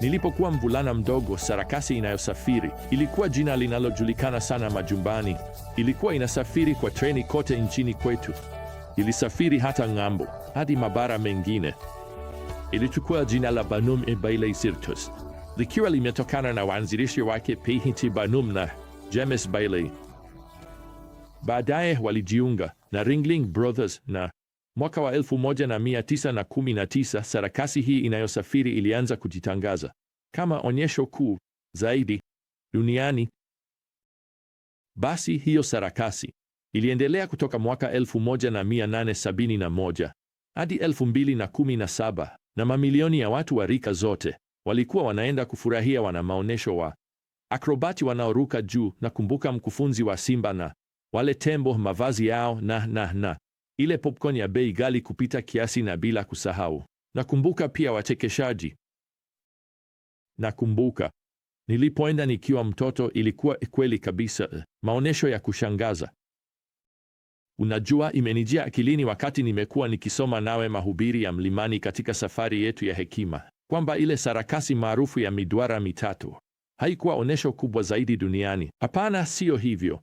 Nilipokuwa mvulana mdogo, sarakasi inayosafiri ilikuwa jina linalojulikana sana majumbani. Ilikuwa inasafiri kwa treni kote nchini kwetu. Ilisafiri hata ng'ambo, hadi mabara mengine. Ilichukua jina la Banum e Baile Sirtus, likiwa limetokana na waanzilishi wake P.T. Banum na James Bailey. Baadaye walijiunga na Ringling Brothers na Mwaka wa 1919 sarakasi hii inayosafiri ilianza kujitangaza kama onyesho kuu zaidi duniani. Basi hiyo sarakasi iliendelea kutoka mwaka 1871 hadi 2017 na, na mamilioni ya watu wa rika zote walikuwa wanaenda kufurahia wana maonyesho wa akrobati wanaoruka juu na kumbuka mkufunzi wa simba na wale tembo mavazi yao na na na ile popcorn ya bei ghali kupita kiasi, na bila kusahau, nakumbuka pia wachekeshaji. Nakumbuka nilipoenda nikiwa mtoto, ilikuwa kweli kabisa eh, maonyesho ya kushangaza. Unajua, imenijia akilini wakati nimekuwa nikisoma nawe mahubiri ya mlimani katika safari yetu ya hekima kwamba ile sarakasi maarufu ya midwara mitatu haikuwa onyesho kubwa zaidi duniani. Hapana, siyo hivyo.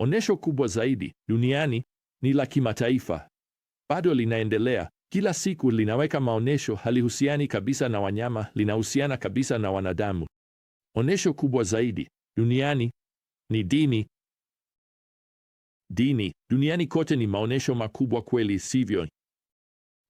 Onyesho kubwa zaidi duniani ni la kimataifa, bado linaendelea kila siku, linaweka maonyesho. Halihusiani kabisa na wanyama, linahusiana kabisa na wanadamu. Onyesho kubwa zaidi duniani ni dini. Dini duniani kote ni maonyesho makubwa kweli, sivyo?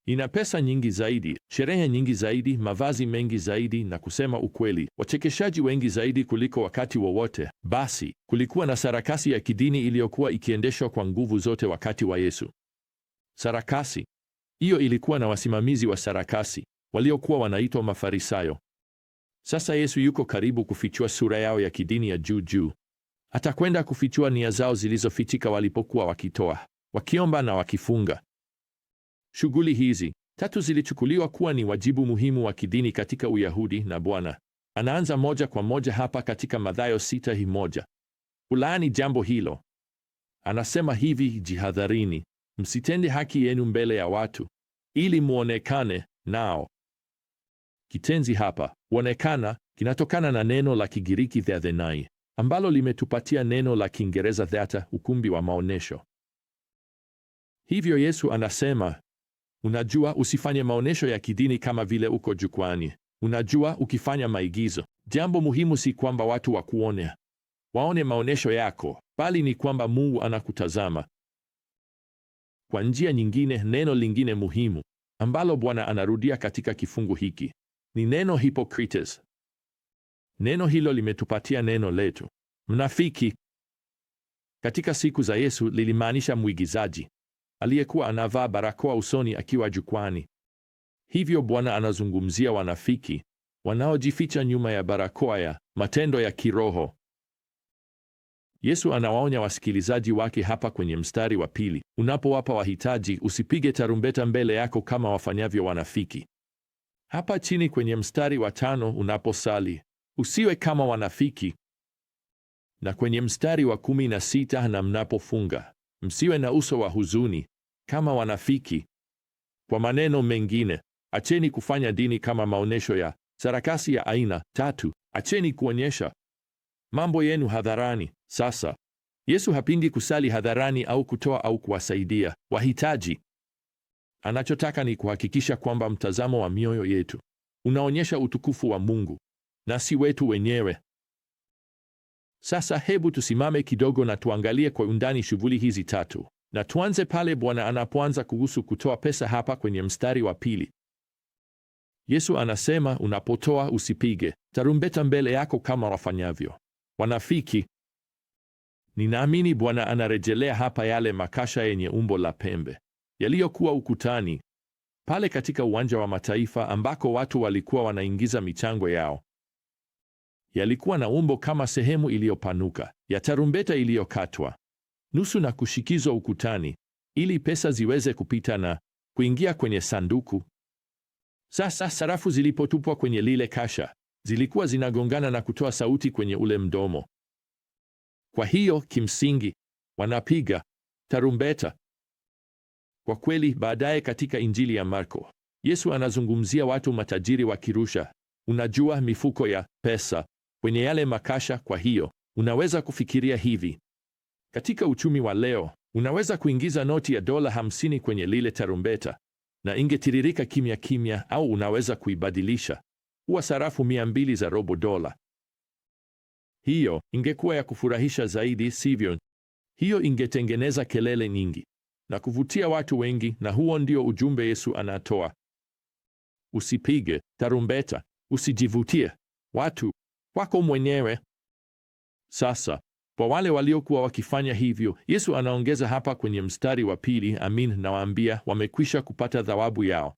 Ina pesa nyingi zaidi, sherehe nyingi zaidi, mavazi mengi zaidi, na kusema ukweli, wachekeshaji wengi zaidi kuliko wakati wowote. Basi kulikuwa na sarakasi ya kidini iliyokuwa ikiendeshwa kwa nguvu zote wakati wa Yesu. Sarakasi hiyo ilikuwa na wasimamizi wa sarakasi waliokuwa wanaitwa Mafarisayo. Sasa Yesu yuko karibu kufichua sura yao ya kidini ya juu juu. Atakwenda kufichua nia zao zilizofichika walipokuwa wakitoa, wakiomba na wakifunga. Shughuli hizi tatu zilichukuliwa kuwa ni wajibu muhimu wa kidini katika Uyahudi na Bwana anaanza moja kwa moja hapa katika Mathayo sita hii moja kulaani jambo hilo. Anasema hivi, jihadharini, msitende haki yenu mbele ya watu ili muonekane nao. Kitenzi hapa kuonekana kinatokana na neno la Kigiriki theathenai ambalo limetupatia neno la Kiingereza theater, ukumbi wa maonesho. Hivyo Yesu anasema Unajua, usifanye maonyesho ya kidini kama vile uko jukwani. Unajua, ukifanya maigizo, jambo muhimu si kwamba watu wakuone, waone maonyesho yako, bali ni kwamba Mungu anakutazama. Kwa njia nyingine, neno lingine muhimu ambalo Bwana anarudia katika kifungu hiki ni neno hypocrites. Neno hilo limetupatia neno letu mnafiki. Katika siku za Yesu lilimaanisha mwigizaji, aliyekuwa anavaa barakoa usoni akiwa jukwani. Hivyo Bwana anazungumzia wanafiki wanaojificha nyuma ya barakoa ya matendo ya kiroho. Yesu anawaonya wasikilizaji wake hapa kwenye mstari wa pili, unapowapa wahitaji usipige tarumbeta mbele yako kama wafanyavyo wanafiki. Hapa chini kwenye mstari wa tano, unaposali usiwe kama wanafiki, na kwenye mstari wa kumi na sita, na mnapofunga Msiwe na uso wa huzuni kama wanafiki. Kwa maneno mengine, acheni kufanya dini kama maonyesho ya sarakasi ya aina tatu. Acheni kuonyesha mambo yenu hadharani. Sasa Yesu hapingi kusali hadharani au kutoa au kuwasaidia wahitaji. Anachotaka ni kuhakikisha kwamba mtazamo wa mioyo yetu unaonyesha utukufu wa Mungu na si wetu wenyewe. Sasa hebu tusimame kidogo na tuangalie kwa undani shughuli hizi tatu, na tuanze pale Bwana anapoanza kuhusu kutoa pesa. Hapa kwenye mstari wa pili, Yesu anasema, unapotoa usipige tarumbeta mbele yako kama wafanyavyo wanafiki. Ninaamini Bwana anarejelea hapa yale makasha yenye umbo la pembe yaliyokuwa ukutani pale katika uwanja wa Mataifa ambako watu walikuwa wanaingiza michango yao Yalikuwa na umbo kama sehemu iliyopanuka ya tarumbeta iliyokatwa nusu na kushikizwa ukutani ili pesa ziweze kupita na kuingia kwenye sanduku. Sasa sarafu zilipotupwa kwenye lile kasha, zilikuwa zinagongana na kutoa sauti kwenye ule mdomo. Kwa hiyo kimsingi wanapiga tarumbeta. Kwa kweli, baadaye katika Injili ya Marko, Yesu anazungumzia watu matajiri wakirusha, unajua, mifuko ya pesa kwenye yale makasha. Kwa hiyo unaweza kufikiria hivi, katika uchumi wa leo unaweza kuingiza noti ya dola hamsini kwenye lile tarumbeta na ingetiririka kimya kimya, au unaweza kuibadilisha kuwa sarafu mia mbili za robo dola. Hiyo ingekuwa ya kufurahisha zaidi, sivyo? Hiyo ingetengeneza kelele nyingi na kuvutia watu wengi, na huo ndio ujumbe Yesu anatoa. Usipige tarumbeta, usijivutie watu kwako mwenyewe. Sasa kwa wale waliokuwa wakifanya hivyo, Yesu anaongeza hapa kwenye mstari wa pili, amin nawaambia, wamekwisha kupata thawabu yao.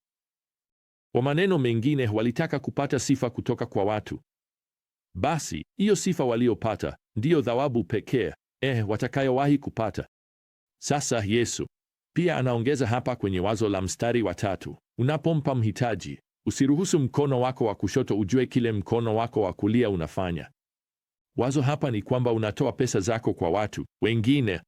Kwa maneno mengine, walitaka kupata sifa kutoka kwa watu. Basi hiyo sifa waliopata ndiyo thawabu pekee eh, watakayowahi kupata. Sasa Yesu pia anaongeza hapa kwenye wazo la mstari wa tatu, unapompa mhitaji Usiruhusu mkono wako wa kushoto ujue kile mkono wako wa kulia unafanya. Wazo hapa ni kwamba unatoa pesa zako kwa watu wengine.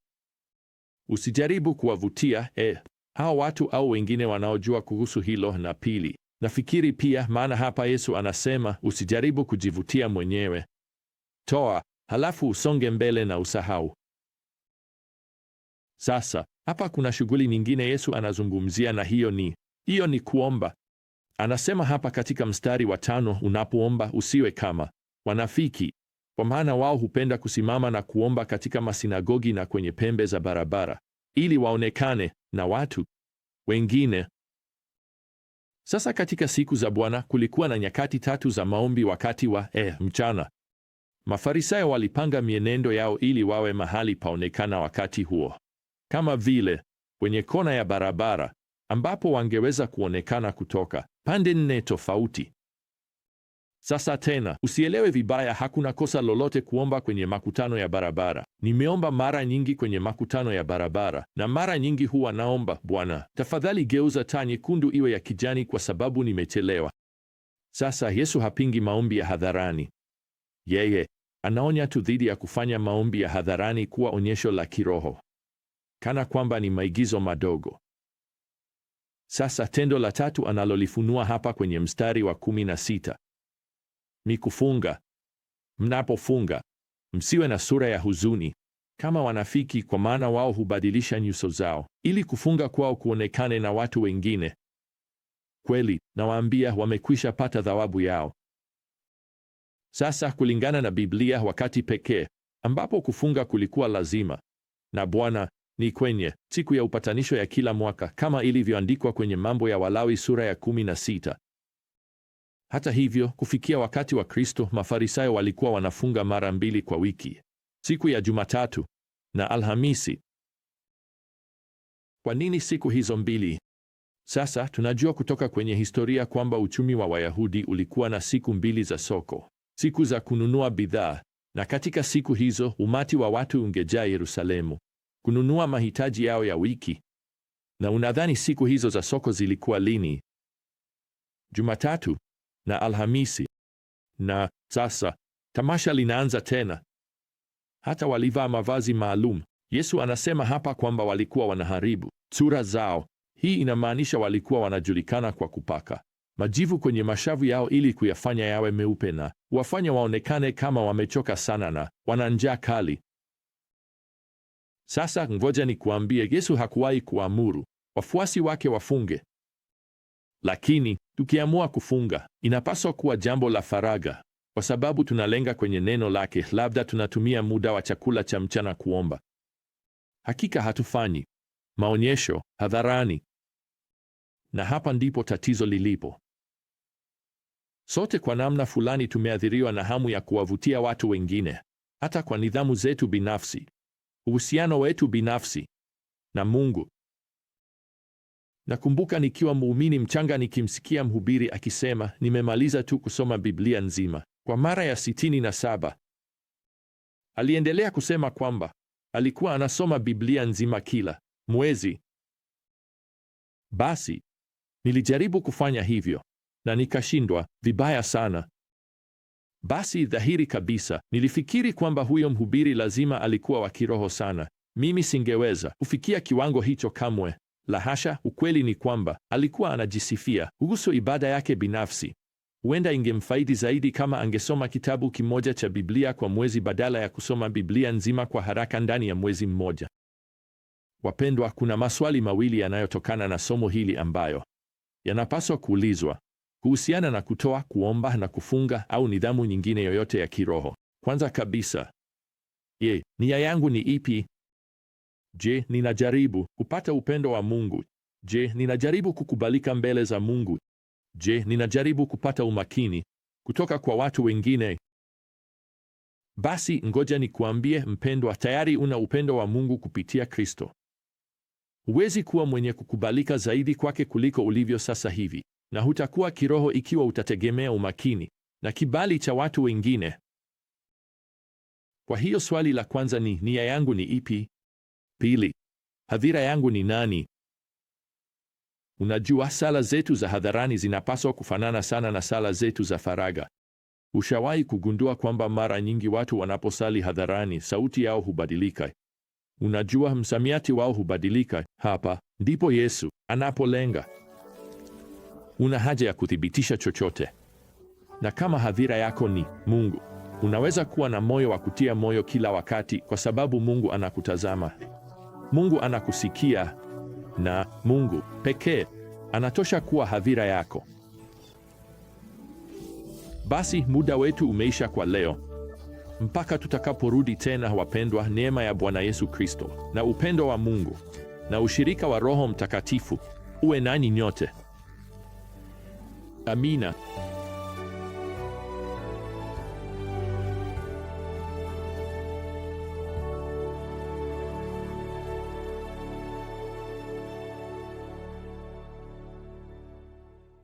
Usijaribu kuwavutia eh, hao watu au wengine wanaojua kuhusu hilo. Na pili, nafikiri pia, maana hapa Yesu anasema usijaribu kujivutia mwenyewe. Toa halafu usonge mbele na usahau. Sasa hapa kuna shughuli nyingine Yesu anazungumzia, na hiyo ni hiyo ni kuomba. Anasema hapa katika mstari wa tano, unapoomba usiwe kama wanafiki, kwa maana wao hupenda kusimama na kuomba katika masinagogi na kwenye pembe za barabara ili waonekane na watu wengine. Sasa katika siku za Bwana kulikuwa na nyakati tatu za maombi wakati wa eh, mchana. Mafarisayo walipanga mienendo yao ili wawe mahali paonekana wakati huo, kama vile kwenye kona ya barabara ambapo wangeweza kuonekana kutoka pande nne tofauti. Sasa tena, usielewe vibaya, hakuna kosa lolote kuomba kwenye makutano ya barabara. Nimeomba mara nyingi kwenye makutano ya barabara, na mara nyingi huwa naomba, Bwana, tafadhali geuza taa nyekundu iwe ya kijani kwa sababu nimechelewa. Sasa Yesu hapingi maombi ya hadharani. Yeye anaonya tu dhidi ya kufanya maombi ya hadharani kuwa onyesho la kiroho, kana kwamba ni maigizo madogo. Sasa tendo la tatu analolifunua hapa kwenye mstari wa kumi na sita ni kufunga. Mnapofunga msiwe na sura ya huzuni kama wanafiki, kwa maana wao hubadilisha nyuso zao ili kufunga kwao kuonekane na watu wengine. Kweli nawaambia, wamekwisha pata thawabu yao. Sasa kulingana na Biblia, wakati pekee ambapo kufunga kulikuwa lazima na Bwana ni kwenye siku ya upatanisho ya kila mwaka kama ilivyoandikwa kwenye Mambo ya Walawi sura ya kumi na sita. Hata hivyo, kufikia wakati wa Kristo, Mafarisayo walikuwa wanafunga mara mbili kwa wiki, siku ya Jumatatu na Alhamisi. Kwa nini siku hizo mbili? Sasa tunajua kutoka kwenye historia kwamba uchumi wa Wayahudi ulikuwa na siku mbili za soko, siku za kununua bidhaa, na katika siku hizo umati wa watu ungejaa Yerusalemu kununua mahitaji yao ya wiki. Na unadhani siku hizo za soko zilikuwa lini? Jumatatu na Alhamisi. Na sasa tamasha linaanza tena. Hata walivaa mavazi maalum. Yesu anasema hapa kwamba walikuwa wanaharibu sura zao. Hii inamaanisha walikuwa wanajulikana kwa kupaka majivu kwenye mashavu yao ili kuyafanya yawe meupe na wafanya waonekane kama wamechoka sana na wana njaa kali. Sasa ngoja nikuambie, Yesu hakuwahi kuamuru wafuasi wake wafunge, lakini tukiamua kufunga inapaswa kuwa jambo la faraga, kwa sababu tunalenga kwenye neno lake. Labda tunatumia muda wa chakula cha mchana kuomba. Hakika hatufanyi maonyesho hadharani, na hapa ndipo tatizo lilipo. Sote kwa namna fulani tumeathiriwa na hamu ya kuwavutia watu wengine, hata kwa nidhamu zetu binafsi uhusiano wetu binafsi na Mungu. Nakumbuka nikiwa muumini mchanga nikimsikia mhubiri akisema, nimemaliza tu kusoma Biblia nzima kwa mara ya sitini na saba. Aliendelea kusema kwamba alikuwa anasoma Biblia nzima kila mwezi. Basi nilijaribu kufanya hivyo na nikashindwa vibaya sana. Basi dhahiri kabisa, nilifikiri kwamba huyo mhubiri lazima alikuwa wa kiroho sana. Mimi singeweza kufikia kiwango hicho kamwe. La hasha, ukweli ni kwamba alikuwa anajisifia kuhusu ibada yake binafsi. Huenda ingemfaidi zaidi kama angesoma kitabu kimoja cha Biblia kwa mwezi badala ya kusoma Biblia nzima kwa haraka ndani ya mwezi mmoja. Wapendwa, kuna maswali mawili yanayotokana na somo hili ambayo yanapaswa kuulizwa kuhusiana na kutoa, kuomba na kufunga au nidhamu nyingine yoyote ya kiroho. Kwanza kabisa, je, nia yangu ni ipi? Je, ninajaribu kupata upendo wa Mungu? Je, ninajaribu kukubalika mbele za Mungu? Je, ninajaribu kupata umakini kutoka kwa watu wengine? Basi ngoja nikuambie mpendwa, tayari una upendo wa Mungu kupitia Kristo. Huwezi kuwa mwenye kukubalika zaidi kwake kuliko ulivyo sasa hivi na hutakuwa kiroho ikiwa utategemea umakini na kibali cha watu wengine. Kwa hiyo swali la kwanza ni nia yangu ni ipi? Pili, hadhira yangu ni nani? Unajua, sala zetu za hadharani zinapaswa kufanana sana na sala zetu za faraga Ushawahi kugundua kwamba mara nyingi watu wanaposali hadharani sauti yao hubadilika? Unajua, msamiati wao hubadilika. Hapa ndipo Yesu anapolenga. Una haja ya kuthibitisha chochote, na kama hadhira yako ni Mungu, unaweza kuwa na moyo wa kutia moyo kila wakati, kwa sababu Mungu anakutazama, Mungu anakusikia, na Mungu pekee anatosha kuwa hadhira yako. Basi muda wetu umeisha kwa leo. Mpaka tutakaporudi tena, wapendwa, neema ya Bwana Yesu Kristo na upendo wa Mungu na ushirika wa Roho Mtakatifu uwe nani nyote. da mina.